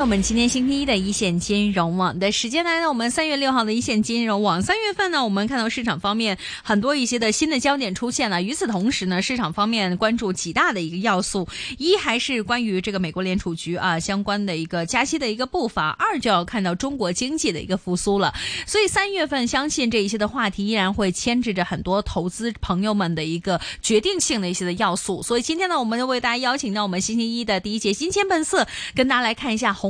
我們今天星期一的一線金融網的時間來到我們三月六號的一線金融網。三月份呢，我們看到市場方面很多一些的新的焦點出現了。與此同時呢，市場方面關注幾大的一個要素：一還是關於這個美國聯儲局啊相關的一個加息的一個步伐；二就要看到中國經濟的一個復甦了。所以三月份相信這一些的話題依然會牽制着很多投資朋友們的一個決定性的一些的要素。所以今天呢，我們就為大家邀請到我們星期一的第一節《金錢本色》，跟大家來看一下紅，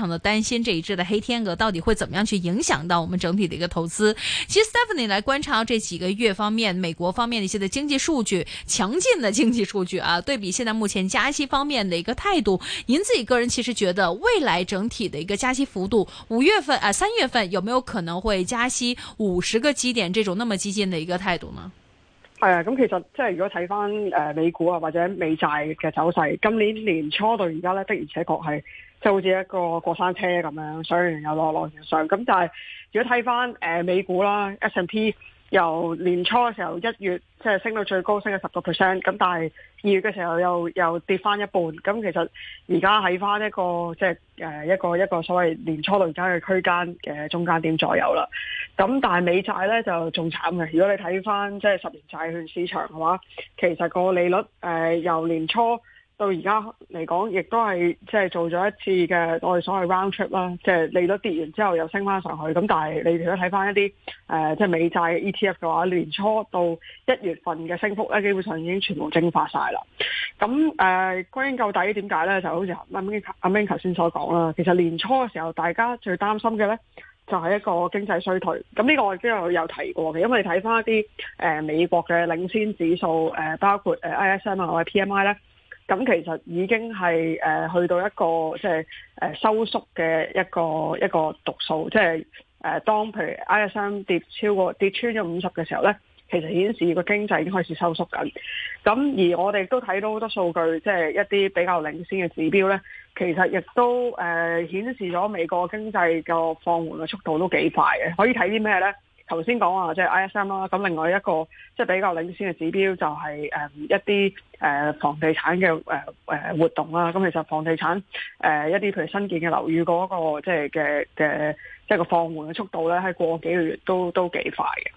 非常的擔心這一支的黑天鵝到底會怎麼樣去影響到我們整體的一個投資。其實 Stephanie 來觀察這幾個月方面，美國方面的一些的經濟數據，強勁的經濟數據啊，對比現在目前加息方面的一個態度，您自己個人其實覺得未來整體的一個加息幅度，五月份啊三月份有沒有可能會加息五十個基點這種那麼激進的一個態度呢？係啊，咁其實即係如果睇翻誒美股啊或者美債嘅走勢，今年年初到而家呢的而且確係。就好似一個過山車咁樣，所以又落落完上。咁但係如果睇翻誒美股啦，S&P 由年初嘅時候一月即係、就是、升到最高升10，升咗十個 percent。咁但係二月嘅時候又又跌翻一半。咁其實而家喺翻一個即係誒一個一個,一個所謂年初到而家嘅區間嘅中間點左右啦。咁但係美債咧就仲慘嘅。如果你睇翻即係十年債券市場嘅話，其實個利率誒、呃、由年初。到而家嚟講，亦都係即係做咗一次嘅我哋所謂 round trip 啦，即係利率跌完之後又升翻上去。咁但係你哋都睇翻一啲即係美債 ETF 嘅話，年初到一月份嘅升幅咧，基本上已經全部蒸發曬啦。咁誒，歸、呃、究底點解咧？就好似阿 m i n 阿 b n 頭先所講啦，其實年初嘅時候，大家最擔心嘅咧就係、是、一個經濟衰退。咁呢個我都有有提過嘅，因為你睇翻一啲、呃、美國嘅領先指數，呃、包括、呃、ISM 或者 PMI 咧。咁其實已經係誒、呃、去到一個即係誒、呃、收縮嘅一個一個讀數，即係誒、呃、當譬如 ISM 跌超過跌穿咗五十嘅時候咧，其實顯示個經濟已經開始收縮緊。咁、嗯、而我哋都睇到好多數據，即係一啲比較領先嘅指標咧，其實亦都誒顯、呃、示咗美國經濟個放緩嘅速度都幾快嘅。可以睇啲咩咧？頭先講話即係 ISM 啦，咁、就是、另外一個即係比較領先嘅指標就係誒一啲誒房地產嘅誒誒活動啦。咁其實房地產誒一啲譬如新建嘅樓宇嗰個即係嘅嘅即係個放緩嘅速度咧，喺過幾個月都都幾快嘅。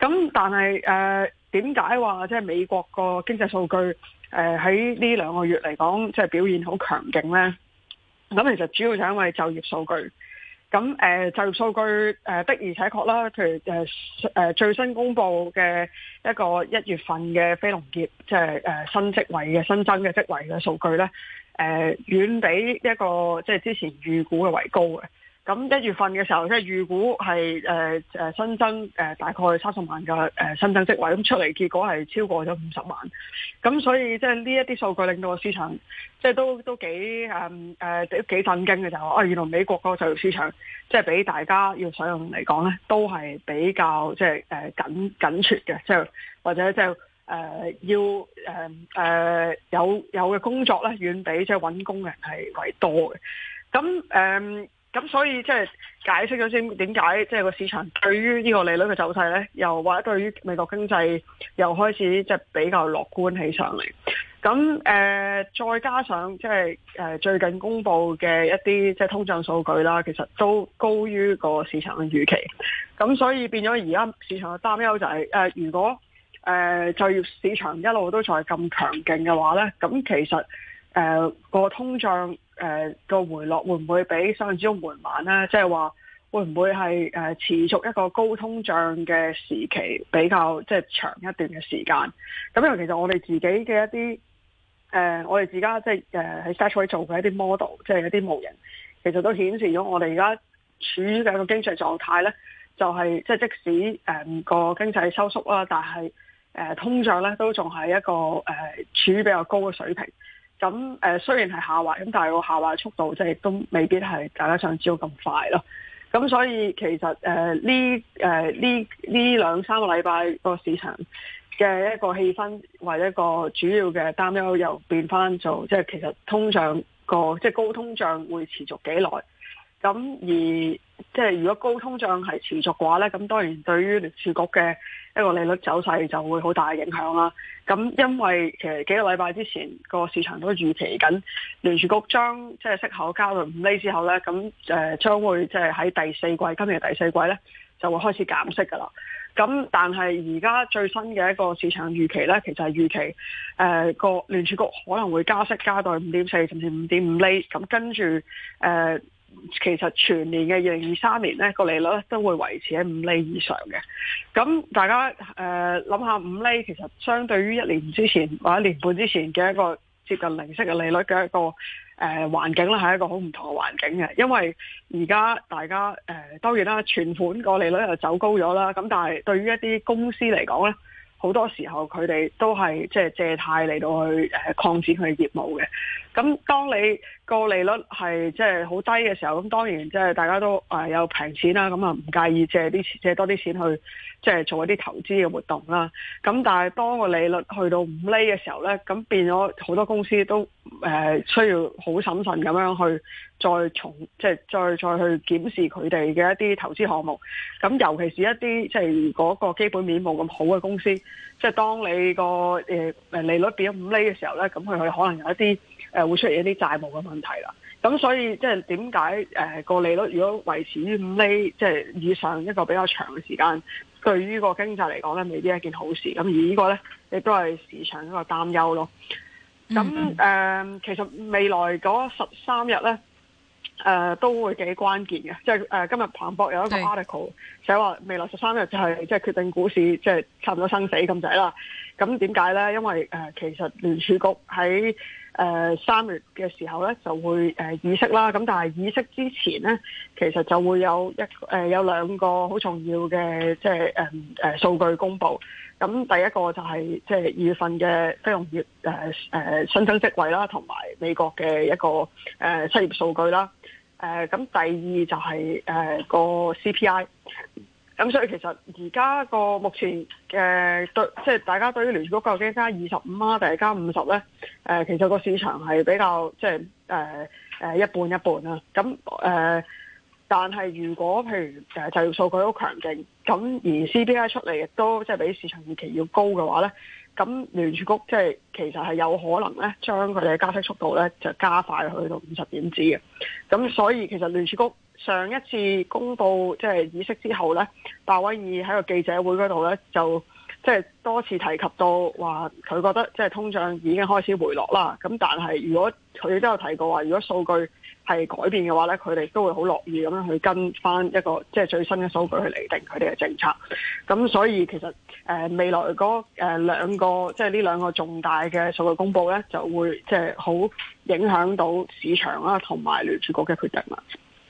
咁但係誒點解話即係美國個經濟數據誒喺呢兩個月嚟講即係表現好強勁咧？咁其實主要就因為就業數據。咁誒就數據誒的而且確啦，譬如誒誒最新公布嘅一個一月份嘅非農業即係誒新職位嘅新增嘅職位嘅數據咧，誒遠比一個即係之前預估嘅為高嘅。咁一月份嘅時候，即係預估係誒、呃、新增誒、呃、大概三十萬嘅誒、呃、新增職位，咁出嚟結果係超過咗五十萬。咁所以即係呢一啲數據令到個市場即係都都幾誒誒都幾震驚嘅就係話，啊原來美國個就業市場即係俾大家要使用嚟講咧，都係比較即係誒緊緊缺嘅，即係、呃、或者即係、呃、要誒誒、呃呃呃、有有嘅工作咧，遠比即係揾工人係為多嘅。咁誒。呃咁所以即係解釋咗先點解即係個市場對於呢個利率嘅走勢咧，又或者對於美國經濟又開始即係比較樂觀起上嚟。咁誒再加上即係誒最近公布嘅一啲即係通脹數據啦，其實都高於個市場嘅預期。咁所以變咗而家市場嘅擔憂就係誒，如果誒就業市場一路都仲係咁強勁嘅話咧，咁其實誒個通脹。誒、呃那個回落會唔會比上一次咁緩慢咧？即係話會唔會係誒、呃、持續一個高通脹嘅時期比較即係長一段嘅時間？咁因為其實我哋自己嘅一啲誒、呃，我哋而家即係誒喺 s t a 沙特做嘅一啲 model，即係一啲模型，其實都顯示咗我哋而家處於嘅一個經濟狀態咧，就係即係即使誒個、呃、經濟收縮啦、啊，但係誒、呃、通脹咧都仲係一個誒、呃、處於比較高嘅水平。咁誒、呃、雖然係下滑，咁但係個下滑速度即係都未必係大家想知道咁快咯。咁所以其實誒呢誒呢呢兩三個禮拜個市場嘅一個氣氛，或者一個主要嘅擔憂，又變翻做即係、就是、其實通脹個即係高通脹會持續幾耐。咁而即係如果高通脹係持續嘅話咧，咁當然對於聯儲局嘅一個利率走勢就會好大影響啦。咁因為其實幾個禮拜之前個市場都預期緊聯儲局將即係息口加到五厘之後咧，咁誒將會即係喺第四季，今年嘅第四季咧就會開始減息噶啦。咁但係而家最新嘅一個市場預期咧，其實係預期誒個聯儲局可能會加息加到五點四甚至五點五厘，咁跟住誒。呃其實全年嘅二零二三年咧，個利率都會維持喺五厘以上嘅。咁大家誒諗、呃、下五厘，其實相對於一年之前或者年半之前嘅一個接近零息嘅利率嘅一個誒環、呃、境咧，係一個好唔同嘅環境嘅。因為而家大家誒、呃、當然啦，存款個利率又走高咗啦。咁但係對於一啲公司嚟講咧，好多時候佢哋都係即係借貸嚟到去誒擴展佢業務嘅。咁當你個利率係即係好低嘅時候，咁當然即係大家都誒有平錢啦，咁啊唔介意借啲借多啲錢去即係做一啲投資嘅活動啦。咁但係當個利率去到五厘嘅時候咧，咁變咗好多公司都誒需要好審慎咁樣去再重，即係再再去檢視佢哋嘅一啲投資項目。咁尤其是一啲即係嗰個基本面冇咁好嘅公司，即係當你個誒誒利率變咗五厘嘅時候咧，咁佢佢可能有一啲。誒會出現一啲債務嘅問題啦，咁所以即係點解誒個利率如果維持於五厘即係以上一個比較長嘅時間，對於個經濟嚟講咧，未必係一件好事。咁而個呢個咧，亦都係市場一個擔憂咯。咁誒、嗯呃，其實未來嗰十三日咧，誒、呃、都會幾關鍵嘅。即係誒今日彭博有一個 article 寫話，未來十三日就係即係決定股市即係、就是、差唔多生死咁仔啦。咁點解咧？因為誒、呃、其實聯儲局喺誒、呃、三月嘅時候咧，就會誒、呃、意識議息啦，咁但係議息之前咧，其實就會有一誒、呃、有兩個好重要嘅即係誒誒數據公布，咁第一個就係即係二月份嘅非農業誒誒、呃呃、新增職位啦，同埋美國嘅一個誒、呃、失業數據啦，誒、呃、咁第二就係、是、誒、呃、個 CPI。咁所以其實而家個目前嘅對即係大家對於聯儲局究竟加二十五啊，定係加五十咧？誒、呃，其實個市場係比較即係、呃呃、一半一半啦、啊。咁誒、呃，但係如果譬如誒就業數據好強勁，咁而 CPI 出嚟亦都即係、就是、比市場預期要高嘅話咧，咁聯儲局即、就、係、是、其實係有可能咧，將佢哋嘅加息速度咧就加快去到五十點子嘅。咁所以其實聯儲局。上一次公布即係議息之後咧，鮑威爾喺個記者會嗰度咧，就即、是、係多次提及到話，佢覺得即係、就是、通脹已經開始回落啦。咁但係如果佢都有提過話，如果數據係改變嘅話咧，佢哋都會好樂意咁樣去跟翻一個即係、就是、最新嘅數據去釐定佢哋嘅政策。咁所以其實誒、呃、未來嗰誒兩個即係呢兩個重大嘅數據公布咧，就會即係好影響到市場啦、啊，同埋聯儲局嘅決定啦、啊。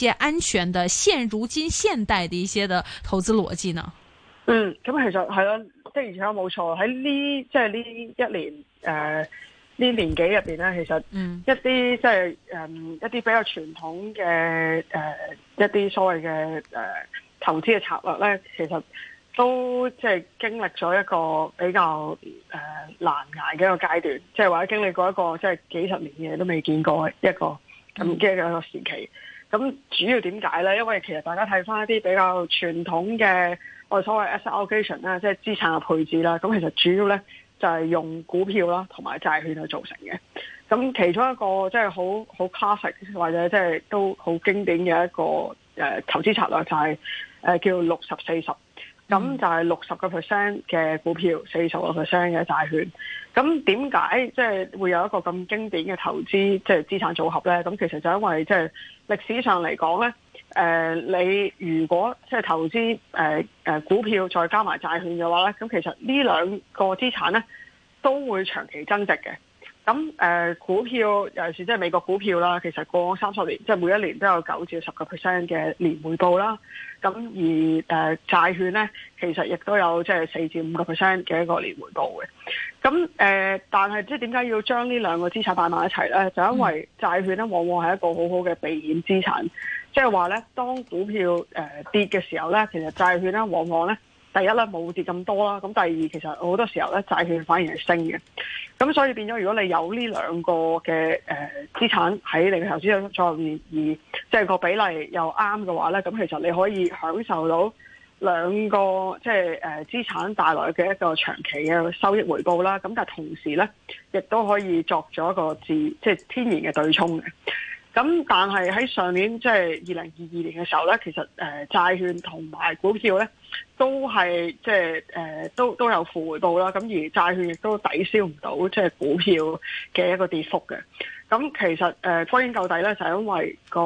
一些安全的，現如今現代的一些的投資邏輯呢？嗯，咁其實係咯，的而且確冇錯喺呢，即係呢一年誒、呃、呢年紀入邊咧，其實一嗯一啲即係誒一啲比較傳統嘅誒、呃、一啲所謂嘅誒投資嘅策略咧，其實都即係經歷咗一個比較誒、呃、難捱嘅一個階段，即、就、係、是、或者經歷過一個即係、就是、幾十年嘅都未見過一個咁嘅、嗯、一個時期。咁主要點解咧？因為其實大家睇翻一啲比較傳統嘅我哋所謂 asset allocation 啦，即係資產嘅配置啦。咁其實主要咧就係、是、用股票啦同埋債券去造成嘅。咁其中一個即係、就、好、是、好 classic 或者即係都好經典嘅一個誒、呃、投資策略就係、是、誒、呃、叫六十四十。咁就係六十個 percent 嘅股票，四十個 percent 嘅債券。咁點解即係會有一個咁經典嘅投資即係、就是、資產組合呢？咁其實就因為即係歷史上嚟講呢，誒、呃、你如果即係投資誒、呃呃、股票再加埋債券嘅話呢，咁其實呢兩個資產呢都會長期增值嘅。咁誒、呃、股票尤其是即係美國股票啦，其實過往三十年即係、就是、每一年都有九至十個 percent 嘅年回報啦。咁而誒債、呃、券咧，其實亦都有即係四至五個 percent 嘅一個年回報嘅。咁誒、呃，但係即係點解要將呢兩個資產擺埋一齊咧？就因為債券咧，往往係一個好好嘅避險資產，即係話咧，當股票誒、呃、跌嘅時候咧，其實債券咧往往咧。第一咧冇跌咁多啦，咁第二其實好多時候咧債券反而係升嘅，咁所以變咗如果你有呢兩個嘅誒資產喺你嘅投資組合入面，而即係個比例又啱嘅話咧，咁其實你可以享受到兩個即係誒資產帶來嘅一個長期嘅收益回報啦。咁但係同時咧，亦都可以作咗一個自即係天然嘅對沖嘅。咁但係喺上年即係二零二二年嘅時候咧，其實誒、呃、債券同埋股票咧都係即係都都有負回報啦。咁而債券亦都抵消唔到即係股票嘅一個跌幅嘅。咁其實誒風險較低歸根究底咧，就係、是、因為個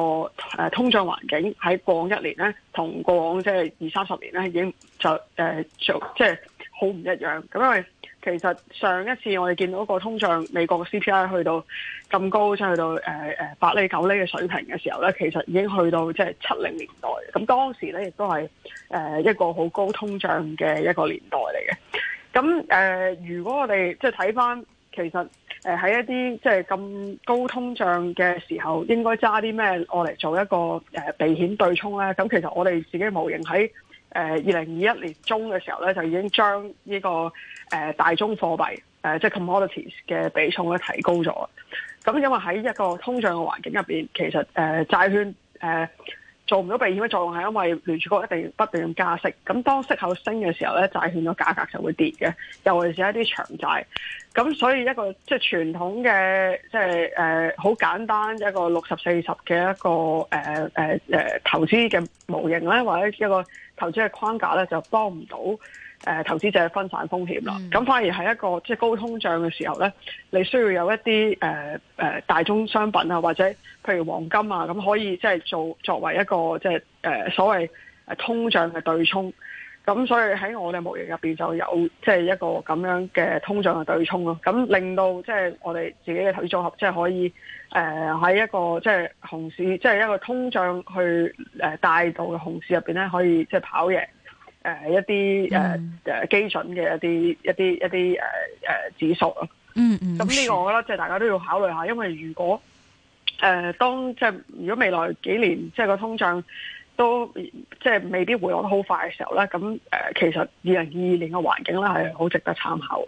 通脹環境喺過往一年咧，同過往即係二三十年咧已經就誒、呃、就即係。就是好唔一樣咁，因為其實上一次我哋見到個通脹美國嘅 CPI 去到咁高，即係去到誒誒八厘九厘嘅水平嘅時候咧，其實已經去到即係七零年代。咁當時咧亦都係誒一個好高通脹嘅一個年代嚟嘅。咁誒、呃，如果我哋即係睇翻，其實喺一啲即係咁高通脹嘅時候，應該揸啲咩我嚟做一個誒避險對沖咧？咁其實我哋自己模型喺。誒二零二一年中嘅時候咧，就已經將呢、這個誒、呃、大宗貨幣誒、呃、即係 commodities 嘅比重咧提高咗。咁因為喺一個通脹嘅環境入邊，其實誒、呃、債券誒、呃、做唔到避險嘅作用，係因為聯儲局一定不斷咁加息。咁當息口升嘅時候咧，債券嘅價格就會跌嘅。尤其是一啲長債。咁所以一個即係傳統嘅即係誒好簡單的一個六十四十嘅一個誒誒誒投資嘅模型咧，或者一個。投資嘅框架咧就幫唔到、呃、投資者分散風險啦，咁反而係一個即係、就是、高通脹嘅時候咧，你需要有一啲誒、呃呃、大宗商品啊，或者譬如黃金啊，咁可以即係做作為一個即係誒所謂通脹嘅對沖。咁所以喺我哋模型入邊就有即係一個咁樣嘅通脹嘅對沖咯，咁令到即係我哋自己嘅投資組合即係可以喺、呃、一個即係熊市，即係一個通脹去誒帶到嘅熊市入面，咧，可以即係跑贏、呃、一啲、呃、基準嘅一啲一啲一啲、呃、指數咯。嗯嗯、mm，咁、hmm。呢個我覺得即係大家都要考慮下，因為如果、呃、當即係如果未來幾年即係個通脹。都即係未必回落得好快嘅時候咧，咁誒、呃、其實二零二二年嘅環境咧係好值得參考嘅。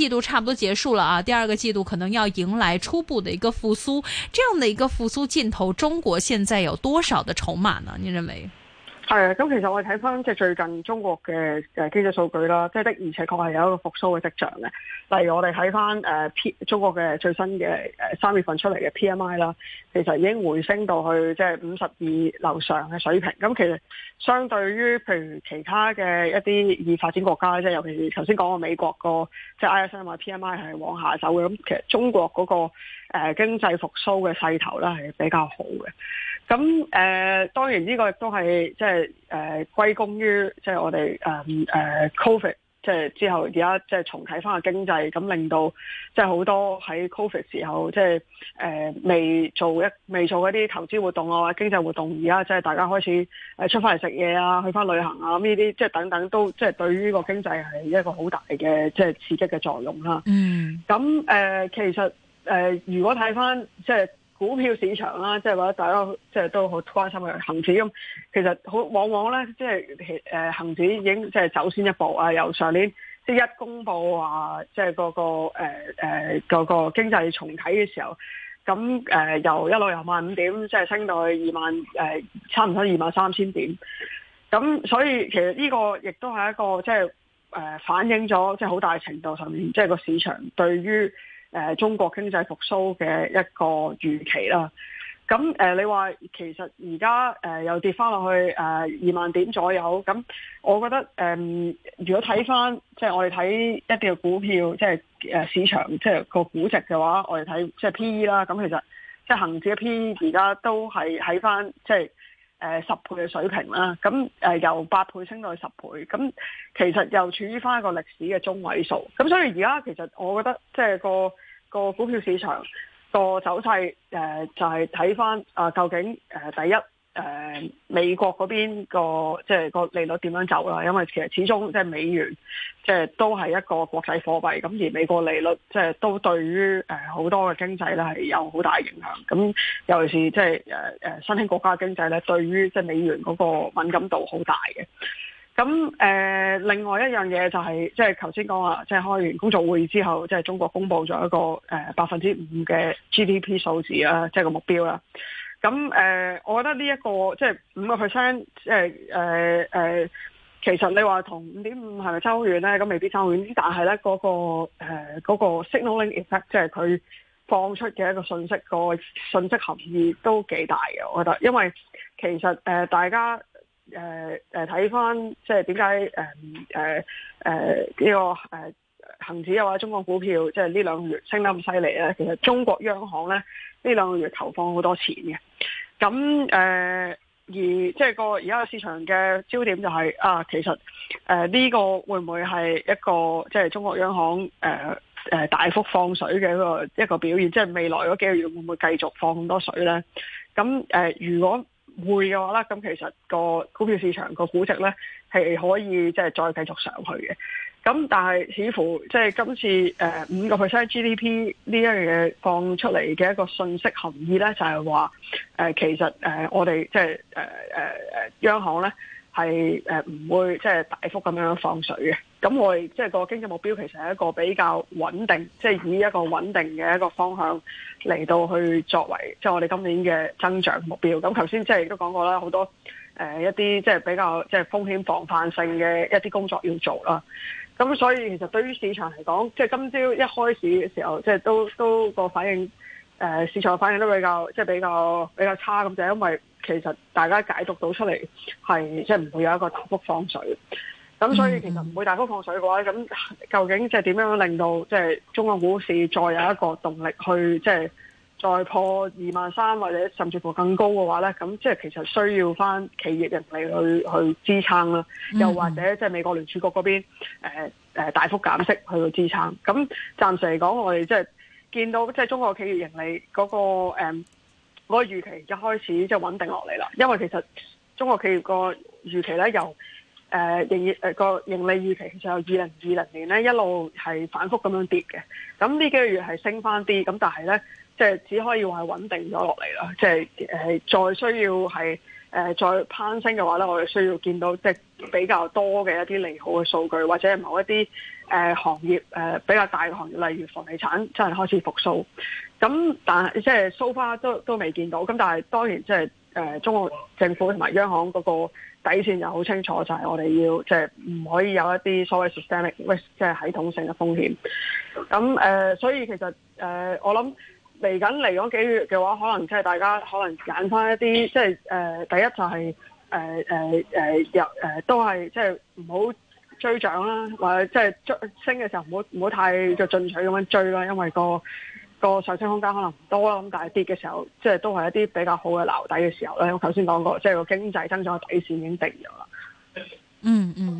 季度差不多結束了啊，第二個季度可能要迎來初步的一個復甦，這樣的一個復甦盡頭，中國現在有多少的籌碼呢？您認為？係啊，咁其實我哋睇翻即係最近中國嘅誒經濟數據啦，即係的而且確係有一個復甦嘅跡象嘅。例如我哋睇翻 P 中國嘅最新嘅誒三月份出嚟嘅 P M I 啦，其實已經回升到去即係五十二樓上嘅水平。咁其實相對於譬如其他嘅一啲已發展國家，即係尤其是頭先講過美國個即係 I S M 嘅 P M I 係往下走嘅。咁其實中國嗰個誒經濟復甦嘅勢頭咧係比較好嘅。咁誒、呃，當然呢個亦都係即係誒歸功於即係、就是、我哋誒、嗯呃、COVID，即係之後而家即係重睇翻個經濟，咁令到即係好多喺 COVID 時候即係誒未做一未做一啲投資活動啊、或者經濟活動，而家即係大家開始出翻嚟食嘢啊、去翻旅行啊，咁呢啲即係等等都即係、就是、對於個經濟係一個好大嘅即係刺激嘅作用啦、啊。嗯、mm.。咁、呃、誒，其實誒、呃，如果睇翻即係。就是股票市場啦，即係話大家即係都好關心嘅恒指咁，其實好往往咧，即係誒恆指已經即係走先一步啊！由上年即係一公布話即係嗰個誒誒嗰個經濟重啟嘅時候，咁誒由一路由萬五點，即係升到去二萬誒，差唔多二萬三千點。咁所以其實呢個亦都係一個即係誒反映咗即係好大程度上面，即係個市場對於。誒、呃、中國經濟復甦嘅一個預期啦，咁誒、呃、你話其實而家誒又跌翻落去誒、呃、二萬點左右，咁我覺得誒、呃、如果睇翻即係我哋睇一啲嘅股票，即、就、係、是呃、市場即係、就是、個估值嘅話，我哋睇即係 P E 啦，咁其實即係、就是、恆指嘅 P E 而家都係喺翻即係。就是誒、呃、十倍嘅水平啦，咁誒、呃、由八倍升到去十倍，咁其實又處於翻一個歷史嘅中位數，咁所以而家其實我覺得即係個個股票市場個走勢誒、呃、就係睇翻啊究竟誒、呃、第一。誒、呃、美國嗰邊個即係個利率點樣走啦？因為其實始終即係美元即係都係一個國際貨幣，咁而美國利率即係都對於誒好、呃、多嘅經濟咧係有好大影響。咁尤其是即係誒誒新興國家經濟咧，對於即係美元嗰個敏感度好大嘅。咁誒、呃、另外一樣嘢就係即係頭先講話，即係開完工作會議之後，即係中國公布咗一個誒百、呃、分之五嘅 GDP 數字啊，即係個目標啦。咁誒、呃，我覺得呢、這、一個即係五個 percent，即係誒誒，其實你話同五點五係咪差好遠咧？咁未必差好遠，但係咧嗰個誒、呃那個、signaling effect，即係佢放出嘅一個信息，嗰個信息含義都幾大嘅，我覺得，因為其實誒大家誒誒睇翻即係點解誒誒誒呢個誒。呃恒指又話中國股票即係呢兩個月升得咁犀利咧，其實中國央行咧呢兩個月投放好多錢嘅。咁誒、呃、而即係個而家個市場嘅焦點就係、是、啊，其實誒呢、呃這個會唔會係一個即係中國央行誒誒、呃呃、大幅放水嘅一個一個表現？即係未來嗰幾個月會唔會繼續放咁多水咧？咁誒、呃、如果會嘅話咧，咁其實個股票市場個估值咧係可以即係再繼續上去嘅。咁但係似乎即係今次誒五個 percent GDP 呢一樣嘢放出嚟嘅一個信息含義咧，就係話誒其實誒我哋即係誒誒誒央行咧係誒唔會即係大幅咁樣放水嘅。咁我哋即係個經濟目標其實係一個比較穩定，即係以一個穩定嘅一個方向嚟到去作為即係我哋今年嘅增長目標。咁頭先即係亦都講過啦，好多誒一啲即係比較即係風險防範性嘅一啲工作要做啦。咁所以其實對於市場嚟講，即係今朝一開始嘅時候，即係都都個反應，呃，市場反應都比較即係比較比較差咁，就係因為其實大家解讀到出嚟係即係唔會有一個大幅放水。咁所以其實唔會大幅放水嘅話，咁究竟即係點樣令到即係中國股市再有一個動力去即係？再破二萬三或者甚至乎更高嘅話咧，咁即係其實需要翻企業盈利去去支撐啦，又或者即係美國聯儲局嗰邊誒誒大幅減息去到支撐。咁暫時嚟講，我哋即係見到即係中國企業盈利嗰個誒嗰個預期一開始即係穩定落嚟啦。因為其實中國企業個預期咧由誒營業、呃、盈利預期就，其實由二零二零年咧一路係反覆咁樣跌嘅。咁呢幾個月係升翻啲，咁但係咧。即係只可以話係穩定咗落嚟啦。即係誒，再需要係誒、呃、再攀升嘅話咧，我哋需要見到即係比較多嘅一啲利好嘅數據，或者係某一啲誒、呃、行業誒、呃、比較大嘅行業，例如房地產真係開始復甦。咁但係即係 so far 都都未見到。咁但係當然即係誒、呃，中國政府同埋央行嗰個底線就好清楚，就係、是、我哋要即係唔可以有一啲所謂 systemic risk，即係系統性嘅風險。咁誒、呃，所以其實誒、呃，我諗。嚟緊嚟嗰幾月嘅話，可能即係大家可能揀翻一啲，即係誒第一就係誒誒誒入誒，都係即係唔好追漲啦，或者即係追升嘅時候唔好唔好太嘅進取咁樣追啦，因為個個上升空間可能唔多啦。咁但係跌嘅時候，即係都係一啲比較好嘅樓底嘅時候咧。我頭先講過，即係個經濟增長嘅底線已經定咗啦。嗯。嗯嗯。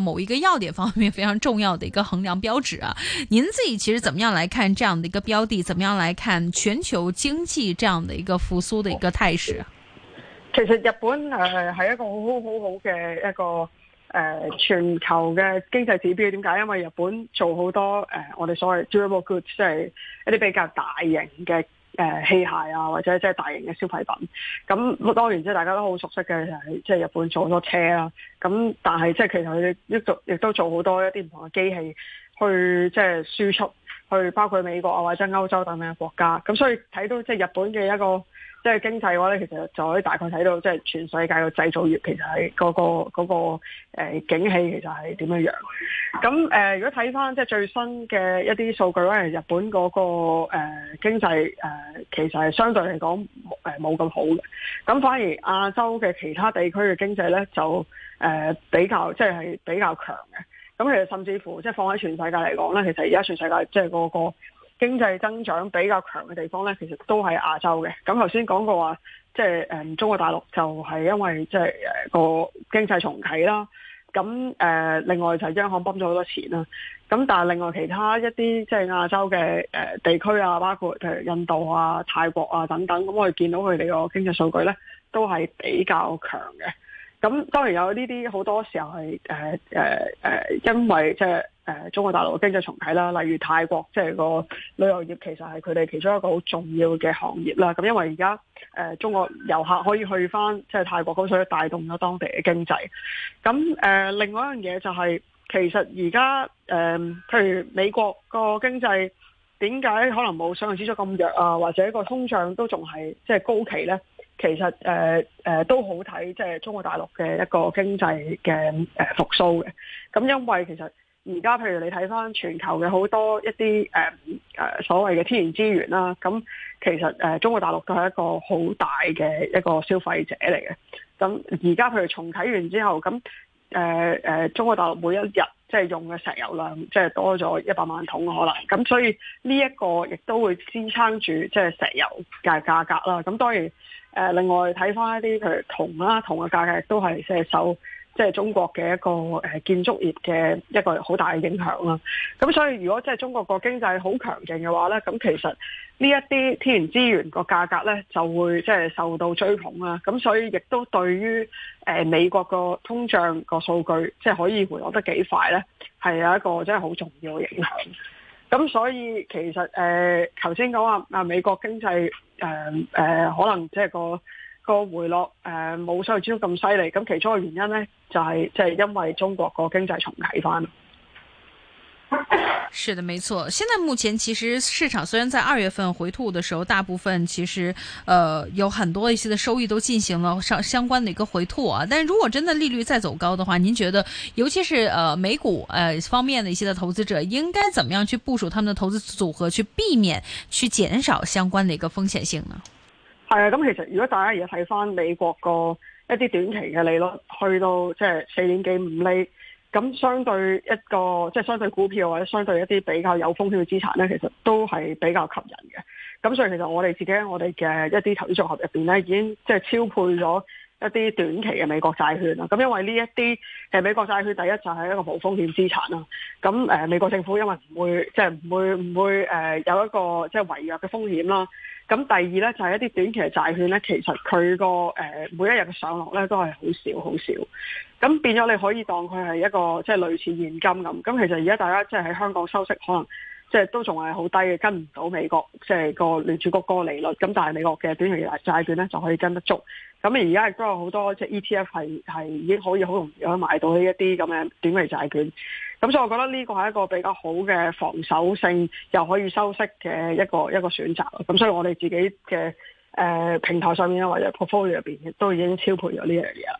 某一個要點方面非常重要的一個衡量標指啊，您自己其實怎麼樣來看這樣的一個標的？怎麼樣來看全球經濟這樣的一個復甦的一個態勢？其實日本誒，係一個很好好好好嘅一個誒、呃、全球嘅經濟指標。點解？因為日本做好多誒、呃，我哋所謂 durable goods，即係一啲比較大型嘅。誒、呃、器械啊，或者即係大型嘅消費品，咁當然即係大家都好熟悉嘅，係即係日本做好多車啦、啊。咁但係即係其實佢亦亦都做好多一啲唔同嘅機器去即係輸出。去包括美國啊或者歐洲等嘅國家，咁所以睇到即係日本嘅一個即係、就是、經濟嘅話咧，其實就可以大概睇到即係全世界嘅製造業其實係嗰、那個嗰、那個那個、景氣其實係點樣樣。咁誒、呃、如果睇返即係最新嘅一啲數據咧，日本嗰、那個誒、呃、經濟、呃、其實係相對嚟講誒冇咁好嘅。咁反而亞洲嘅其他地區嘅經濟咧就誒、呃、比較即係、就是、比較強嘅。咁其實甚至乎即係、就是、放喺全世界嚟講咧，其實而家全世界即係嗰個經濟增長比較強嘅地方咧，其實都係亞洲嘅。咁頭先講過話，即係誒中國大陸就係因為即係個經濟重啟啦。咁、呃、另外就係央行泵咗好多錢啦。咁但係另外其他一啲即係亞洲嘅、呃、地區啊，包括譬如印度啊、泰國啊等等，咁我哋見到佢哋個經濟數據咧，都係比較強嘅。咁當然有呢啲好多時候係誒誒因為即係、呃、中國大陸經濟重啟啦，例如泰國即係個旅遊業其實係佢哋其中一個好重要嘅行業啦。咁因為而家、呃、中國遊客可以去翻即係泰國，咁所以帶動咗當地嘅經濟。咁誒、呃、另外一樣嘢就係、是、其實而家誒，譬如美國個經濟點解可能冇想像之中咁弱啊，或者個通脹都仲係即係高企咧？其實誒誒、呃呃、都好睇，即係中國大陸嘅一個經濟嘅誒復甦嘅。咁因為其實而家譬如你睇翻全球嘅好多一啲誒誒所謂嘅天然資源啦，咁、啊、其實誒、呃、中國大陸都係一個好大嘅一個消費者嚟嘅。咁而家譬如重啟完之後，咁誒誒中國大陸每一日即係用嘅石油量即係多咗一百萬桶可能。咁、啊、所以呢一個亦都會支撐住即係石油嘅價格啦。咁、啊、當然。誒另外睇翻一啲譬如銅啦，銅嘅價格都係即係受即係中國嘅一個誒建築業嘅一個好大嘅影響啦。咁所以如果即係中國個經濟好強勁嘅話咧，咁其實呢一啲天然資源個價格咧就會即係受到追捧啦。咁所以亦都對於誒美國個通脹個數據，即係可以回落得幾快咧，係有一個真係好重要嘅影響。咁所以其實誒頭先講話啊美國經濟誒、呃呃、可能即係個個回落誒冇想象中咁犀利，咁、呃、其中嘅原因呢，就係即係因為中國個經濟重啓返。是的，沒錯。現在目前其實市場雖然在二月份回吐的時候，大部分其實呃有很多一些的收益都進行了相關的一個回吐啊。但是如果真的利率再走高的話，您覺得尤其是呃美股呃方面的一些的投資者應該怎麼樣去部署他們的投資組合，去避免去減少相關的一個風險性呢？係啊，咁、嗯、其實如果大家而家睇翻美國個一啲短期嘅利率，去到即係四點幾五厘。咁相對一個即係、就是、相對股票或者相對一啲比較有風險嘅資產咧，其實都係比較吸引嘅。咁所以其實我哋自己我哋嘅一啲投資組合入邊咧，已經即係超配咗一啲短期嘅美國債券啦。咁因為呢一啲、呃、美國債券第一就係一個冇風險資產啦。咁、呃、美國政府因為唔會即係唔會唔會誒有一個即係違約嘅風險啦。咁第二咧就係一啲短期債券咧，其實佢個誒每一日嘅上落咧都係好少好少，咁變咗你可以當佢係一個即係類似現金咁。咁其實而家大家即係喺香港收息可能即係都仲係好低嘅，跟唔到美國即係個聯儲局個利率。咁但係美國嘅短期債券咧就可以跟得足。咁而家亦都有好多即係 ETF 係係已經可以好容易可以買到呢一啲咁嘅短期債券。咁所以，我覺得呢個係一個比較好嘅防守性又可以收息嘅一個一個選擇。咁所以，我哋自己嘅誒、呃、平台上面啊，或者 portfolio 入邊，都已經超配咗呢樣嘢啦。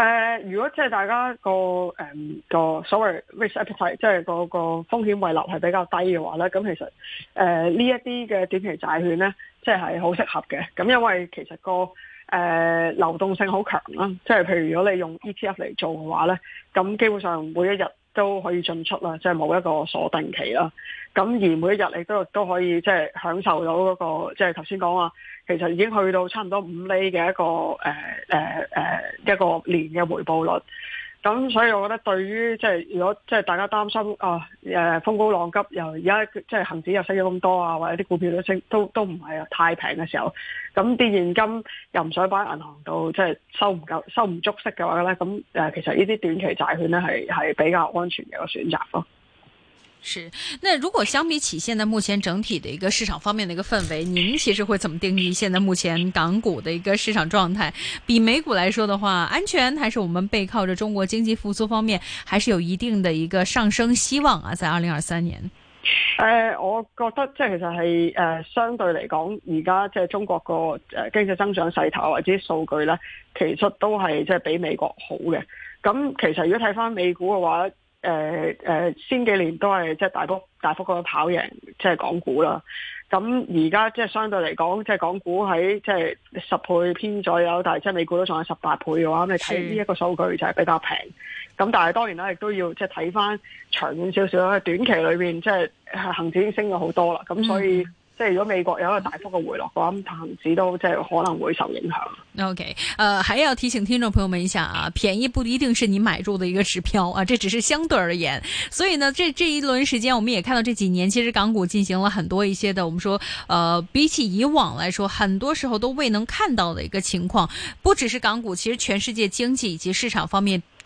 誒、呃，如果即係大家個誒個所謂 risk appetite，即係個個風險遺留係比較低嘅話咧，咁其實誒、呃、呢一啲嘅短期債券咧，即係係好適合嘅。咁因為其實、那個誒、呃、流動性好強啦，即係譬如如果你用 ETF 嚟做嘅話咧，咁基本上每一日都可以進出啦，即係冇一個鎖定期啦。咁而每一日你都都可以即係、就是、享受到一、那個，即係頭先講話。其實已經去到差唔多五厘嘅一個誒誒誒一個年嘅回報率，咁所以我覺得對於即係如果即係大家擔心啊誒、哦呃、風高浪急，又而家即係恆指又升咗咁多啊，或者啲股票都升，都都唔係太平嘅時候，咁啲現金又唔想擺喺銀行度，即係收唔夠收唔足息嘅話咧，咁誒其實呢啲短期債券咧係係比較安全嘅一個選擇咯。是，那如果相比起現在目前整體的一個市場方面的一個氛圍，您其實會怎麼定義現在目前港股的一個市場狀態？比美股來說的話，安全還是我們背靠着中國經濟復蘇方面，還是有一定的一個上升希望啊？在二零二三年，誒、呃，我覺得即係其實係誒、呃、相對嚟講，而家即係中國個誒經濟增長勢頭或者數據咧，其實都係即係比美國好嘅。咁其實如果睇翻美股嘅話，誒誒，先幾年都係即係大幅大幅嗰跑贏即係、就是、港股啦。咁而家即係相對嚟講，即係港股喺即係十倍偏左右，但係即係美股都仲有十八倍嘅話，咁你睇呢一個數據就係比較平。咁是但係當然啦，亦都要即係睇翻長遠少少啦。短期裏面，即係恒指已經升咗好多啦，咁所以。嗯即係如果美國有一個大幅嘅回落嘅話，咁恆指都即係可能會受影響。OK，誒、呃，還要提醒聽眾朋友們一下啊，便宜不一定是你買入嘅一個指標啊，這只是相對而言。所以呢，這這一輪時間，我們也看到，這幾年其實港股進行了很多一些的，我們說，誒、呃，比起以往來說，很多時候都未能看到嘅一個情況。不只是港股，其實全世界經濟以及市場方面。